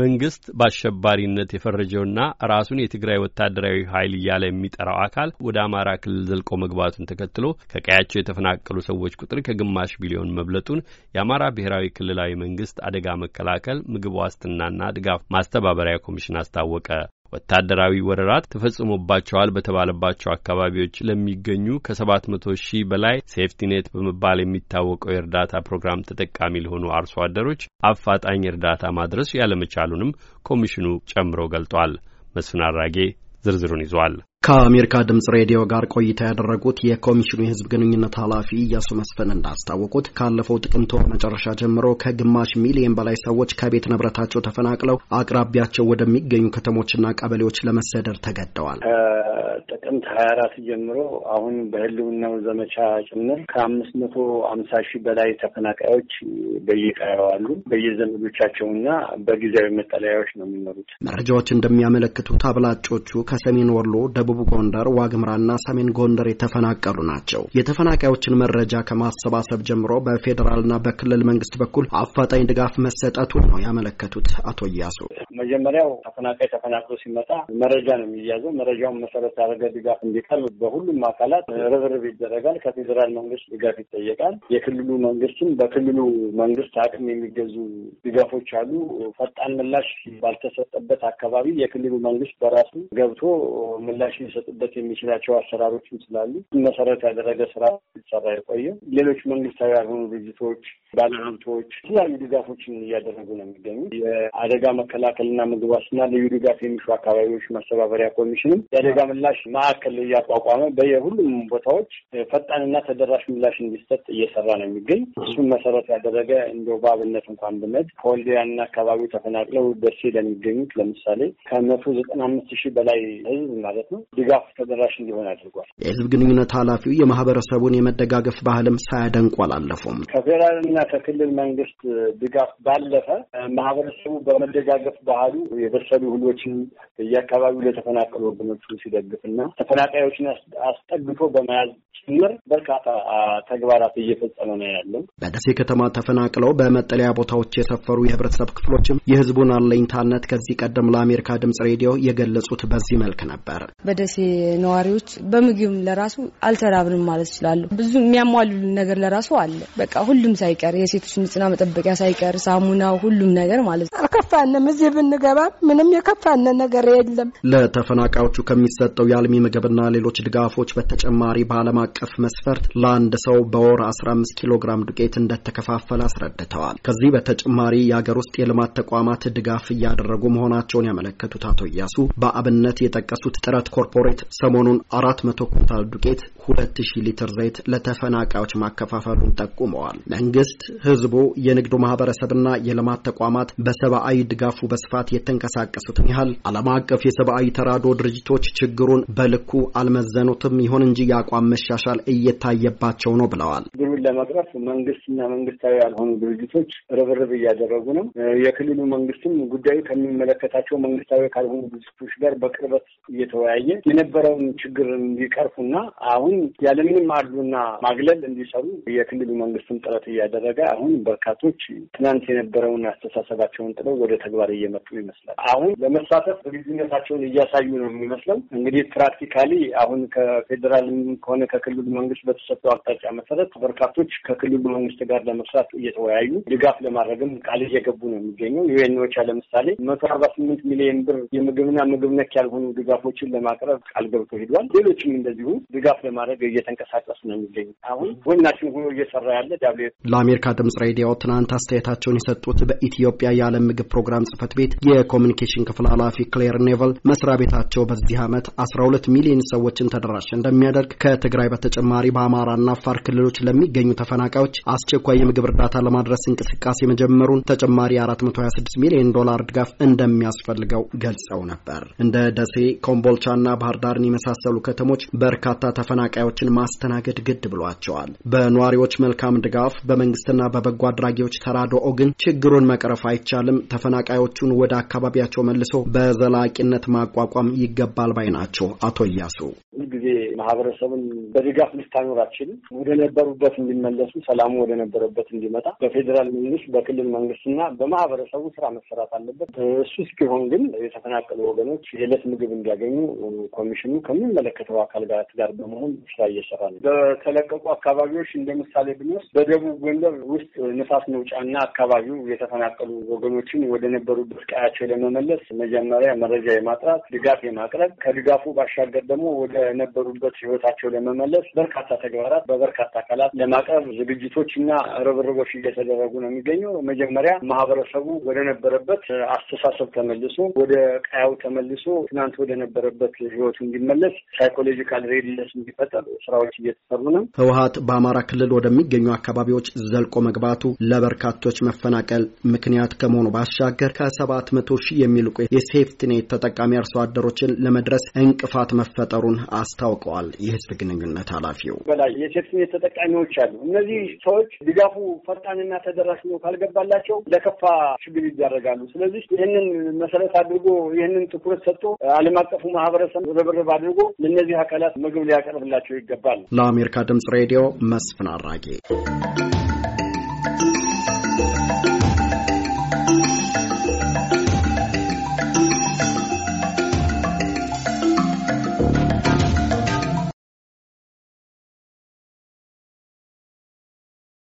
መንግስት በአሸባሪነት የፈረጀውና ራሱን የትግራይ ወታደራዊ ኃይል እያለ የሚጠራው አካል ወደ አማራ ክልል ዘልቆ መግባቱን ተከትሎ ከቀያቸው የተፈናቀሉ ሰዎች ቁጥር ከግማሽ ቢሊዮን መብለጡን የአማራ ብሔራዊ ክልላዊ መንግስት አደጋ መከላከል ምግብ ዋስትናና ድጋፍ ማስተባበሪያ ኮሚሽን አስታወቀ። ወታደራዊ ወረራ ተፈጽሞባቸዋል በተባለባቸው አካባቢዎች ለሚገኙ ከ መቶ ሺህ በላይ ሴፍቲኔት በመባል የሚታወቀው የእርዳታ ፕሮግራም ተጠቃሚ ለሆኑ አርሶ አደሮች አፋጣኝ እርዳታ ማድረስ ያለመቻሉንም ኮሚሽኑ ጨምሮ ገልጧል። መስፍን አራጌ ዝርዝሩን ይዟል። ከአሜሪካ ድምጽ ሬዲዮ ጋር ቆይታ ያደረጉት የኮሚሽኑ የህዝብ ግንኙነት ኃላፊ እያሱ መስፍን እንዳስታወቁት ካለፈው ጥቅምት ወር መጨረሻ ጀምሮ ከግማሽ ሚሊዮን በላይ ሰዎች ከቤት ንብረታቸው ተፈናቅለው አቅራቢያቸው ወደሚገኙ ከተሞችና ቀበሌዎች ለመሰደድ ተገደዋል። ጥቅምት ሀያ አራት ጀምሮ አሁን በህልውናው ዘመቻ ጭምር ከአምስት መቶ አምሳ ሺህ በላይ ተፈናቃዮች በየቀያው አሉ። በየዘመዶቻቸውና በጊዜያዊ መጠለያዎች ነው የሚኖሩት። መረጃዎች እንደሚያመለክቱት አብላጮቹ ከሰሜን ወሎ፣ ደቡብ ጎንደር፣ ዋግምራና ሰሜን ጎንደር የተፈናቀሉ ናቸው። የተፈናቃዮችን መረጃ ከማሰባሰብ ጀምሮ በፌዴራልና በክልል መንግስት በኩል አፋጣኝ ድጋፍ መሰጠቱን ነው ያመለከቱት አቶ እያሱ። መጀመሪያው ተፈናቃይ ተፈናቅሎ ሲመጣ መረጃ ነው የሚያዘው። መረጃውን መሰረት የተደረገ ድጋፍ እንዲቀርብ በሁሉም አካላት ርብርብ ይደረጋል። ከፌዴራል መንግስት ድጋፍ ይጠየቃል። የክልሉ መንግስትም በክልሉ መንግስት አቅም የሚገዙ ድጋፎች አሉ። ፈጣን ምላሽ ባልተሰጠበት አካባቢ የክልሉ መንግስት በራሱ ገብቶ ምላሽ ሊሰጥበት የሚችላቸው አሰራሮችም ስላሉ መሰረት ያደረገ ስራ ይሰራ የቆየ ሌሎች መንግስታዊ ያልሆኑ ድርጅቶች፣ ባለሀብቶች የተለያዩ ድጋፎችን እያደረጉ ነው የሚገኙ የአደጋ መከላከልና ምግብ ዋስትና ልዩ ድጋፍ የሚሹ አካባቢዎች ማስተባበሪያ ኮሚሽንም የአደጋ ምላሽ ማዕከል እያቋቋመ በየሁሉም ቦታዎች ፈጣንና ተደራሽ ምላሽ እንዲሰጥ እየሰራ ነው የሚገኝ። እሱን መሰረት ያደረገ እንደው በአብነት እንኳን ብነት ከወልዲያና አካባቢው ተፈናቅለው ደሴ ለሚገኙት ለምሳሌ ከመቶ ዘጠና አምስት ሺህ በላይ ህዝብ ማለት ነው ድጋፍ ተደራሽ እንዲሆን አድርጓል። የህዝብ ግንኙነት ኃላፊው የማህበረሰቡን የመደጋገፍ ባህልም ሳያደንቁ አላለፉም። ከፌዴራልና ከክልል መንግስት ድጋፍ ባለፈ ማህበረሰቡ በመደጋገፍ ባህሉ የበሰሉ እህሎችን የአካባቢው ለተፈናቀሉ ወገኖቹ ሲደግፍ እና ተፈናቃዮችን አስጠግቶ በመያዝ ጭምር በርካታ ተግባራት እየፈጸመ ነው ያለው። በደሴ ከተማ ተፈናቅለው በመጠለያ ቦታዎች የሰፈሩ የህብረተሰብ ክፍሎችም የህዝቡን አለኝታነት ከዚህ ቀደም ለአሜሪካ ድምጽ ሬዲዮ የገለጹት በዚህ መልክ ነበር። በደሴ ነዋሪዎች በምግብ ለራሱ አልተራብንም ማለት ይችላሉ። ብዙ የሚያሟሉልን ነገር ለራሱ አለ። በቃ ሁሉም ሳይቀር የሴቶች ንጽህና መጠበቂያ ሳይቀር ሳሙና፣ ሁሉም ነገር ማለት ነው። አልከፋንም። እዚህ ብንገባ ምንም የከፋነ ነገር የለም። ለተፈናቃዮቹ ከሚሰጠው ከአልሚ ምግብና ሌሎች ድጋፎች በተጨማሪ በዓለም አቀፍ መስፈርት ለአንድ ሰው በወር 15 ኪሎ ግራም ዱቄት እንደተከፋፈለ አስረድተዋል። ከዚህ በተጨማሪ የአገር ውስጥ የልማት ተቋማት ድጋፍ እያደረጉ መሆናቸውን ያመለከቱት አቶ እያሱ በአብነት የጠቀሱት ጥረት ኮርፖሬት ሰሞኑን አራት መቶ ኩንታል ዱቄት ሁለት ሊትር ዘይት ለተፈናቃዮች ማከፋፈሉን ጠቁመዋል። መንግስት፣ ህዝቡ፣ የንግዱ ማህበረሰብና የልማት ተቋማት በሰብአዊ ድጋፉ በስፋት የተንቀሳቀሱትን ያህል ዓለም አቀፍ የሰብአዊ ተራድኦ ድርጅቶች ችግሩን በልኩ አልመዘኑትም። ይሁን እንጂ የአቋም መሻሻል እየታየባቸው ነው ብለዋል። ለመቅረፍ መንግስትና መንግስታዊ ያልሆኑ ድርጅቶች ርብርብ እያደረጉ ነው። የክልሉ መንግስትም ጉዳዩ ከሚመለከታቸው መንግስታዊ ካልሆኑ ድርጅቶች ጋር በቅርበት እየተወያየ የነበረውን ችግር እንዲቀርፉና አሁን ያለምንም አሉና ማግለል እንዲሰሩ የክልሉ መንግስትም ጥረት እያደረገ አሁን በርካቶች ትናንት የነበረውን አስተሳሰባቸውን ጥለው ወደ ተግባር እየመጡ ይመስላል። አሁን ለመሳተፍ ዝግጁነታቸውን እያሳዩ ነው የሚመስለው። እንግዲህ ፕራክቲካሊ አሁን ከፌዴራልም ከሆነ ከክልሉ መንግስት በተሰጠው አቅጣጫ መሰረት በርካታ ወጣቶች ከክልሉ መንግስት ጋር ለመስራት እየተወያዩ ድጋፍ ለማድረግም ቃል እየገቡ ነው የሚገኘው። ዩኤንኦቻ ለምሳሌ መቶ አርባ ስምንት ሚሊዮን ብር የምግብና ምግብ ነክ ያልሆኑ ድጋፎችን ለማቅረብ ቃል ገብቶ ሄዷል። ሌሎችም እንደዚሁ ድጋፍ ለማድረግ እየተንቀሳቀሱ ነው የሚገኙ። አሁን ጎናችን ሆኖ እየሰራ ያለ ዳብሊው ለአሜሪካ ድምጽ ሬዲዮ ትናንት አስተያየታቸውን የሰጡት በኢትዮጵያ የዓለም ምግብ ፕሮግራም ጽህፈት ቤት የኮሚኒኬሽን ክፍል ኃላፊ ክሌር ኔቨል መስሪያ ቤታቸው በዚህ ዓመት አስራ ሁለት ሚሊዮን ሰዎችን ተደራሽ እንደሚያደርግ ከትግራይ በተጨማሪ በአማራና አፋር ክልሎች ለሚገኙ ለሚገኙ ተፈናቃዮች አስቸኳይ የምግብ እርዳታ ለማድረስ እንቅስቃሴ መጀመሩን ተጨማሪ 426 ሚሊዮን ዶላር ድጋፍ እንደሚያስፈልገው ገልጸው ነበር። እንደ ደሴ፣ ኮምቦልቻና ባህር ዳርን የመሳሰሉ ከተሞች በርካታ ተፈናቃዮችን ማስተናገድ ግድ ብሏቸዋል። በነዋሪዎች መልካም ድጋፍ በመንግስትና በበጎ አድራጊዎች ተራድኦ ግን ችግሩን መቅረፍ አይቻልም። ተፈናቃዮቹን ወደ አካባቢያቸው መልሶ በዘላቂነት ማቋቋም ይገባል ባይ ናቸው አቶ እያሱ። ሁልጊዜ ማህበረሰቡን በድጋፍ ልታኖር ወደነበሩበት ወደ ነበሩበት እንዲመለሱ፣ ሰላሙ ወደ ነበረበት እንዲመጣ በፌዴራል መንግስት፣ በክልል መንግስትና በማህበረሰቡ ስራ መሰራት አለበት። እሱ እስኪሆን ግን የተፈናቀሉ ወገኖች የዕለት ምግብ እንዲያገኙ ኮሚሽኑ ከሚመለከተው አካል ጋር ጋር በመሆን ስራ እየሰራ ነው። በተለቀቁ አካባቢዎች እንደ ምሳሌ ብንወስድ በደቡብ ጎንደር ውስጥ ንፋስ መውጫና አካባቢው የተፈናቀሉ ወገኖችን ወደ ነበሩበት ቀያቸው ለመመለስ መጀመሪያ መረጃ የማጥራት ድጋፍ የማቅረብ ከድጋፉ ባሻገር ደግሞ ወደ ነበሩበት ወደ ህይወታቸው ለመመለስ በርካታ ተግባራት በበርካታ አካላት ለማቅረብ ዝግጅቶች እና ርብርቦች እየተደረጉ ነው የሚገኘው። መጀመሪያ ማህበረሰቡ ወደ ነበረበት አስተሳሰብ ተመልሶ ወደ ቀያው ተመልሶ ትናንት ወደ ነበረበት ህይወቱ እንዲመለስ ሳይኮሎጂካል ሬዲነስ እንዲፈጠር ስራዎች እየተሰሩ ነው። ህወሀት በአማራ ክልል ወደሚገኙ አካባቢዎች ዘልቆ መግባቱ ለበርካቶች መፈናቀል ምክንያት ከመሆኑ ባሻገር ከሰባት መቶ ሺህ የሚልቁ የሴፍትኔት ተጠቃሚ አርሶ አደሮችን ለመድረስ እንቅፋት መፈጠሩን አስታውቀዋል። ብለዋል የህዝብ ግንኙነት ኃላፊው። በላይ የሴፍትኔት ተጠቃሚዎች አሉ። እነዚህ ሰዎች ድጋፉ ፈጣንና ተደራሽ ነው ካልገባላቸው ለከፋ ችግር ይዳረጋሉ። ስለዚህ ይህንን መሰረት አድርጎ ይህንን ትኩረት ሰጥቶ ዓለም አቀፉ ማህበረሰብ ርብርብ አድርጎ ለእነዚህ አካላት ምግብ ሊያቀርብላቸው ይገባል። ለአሜሪካ ድምጽ ሬዲዮ መስፍን አራጌ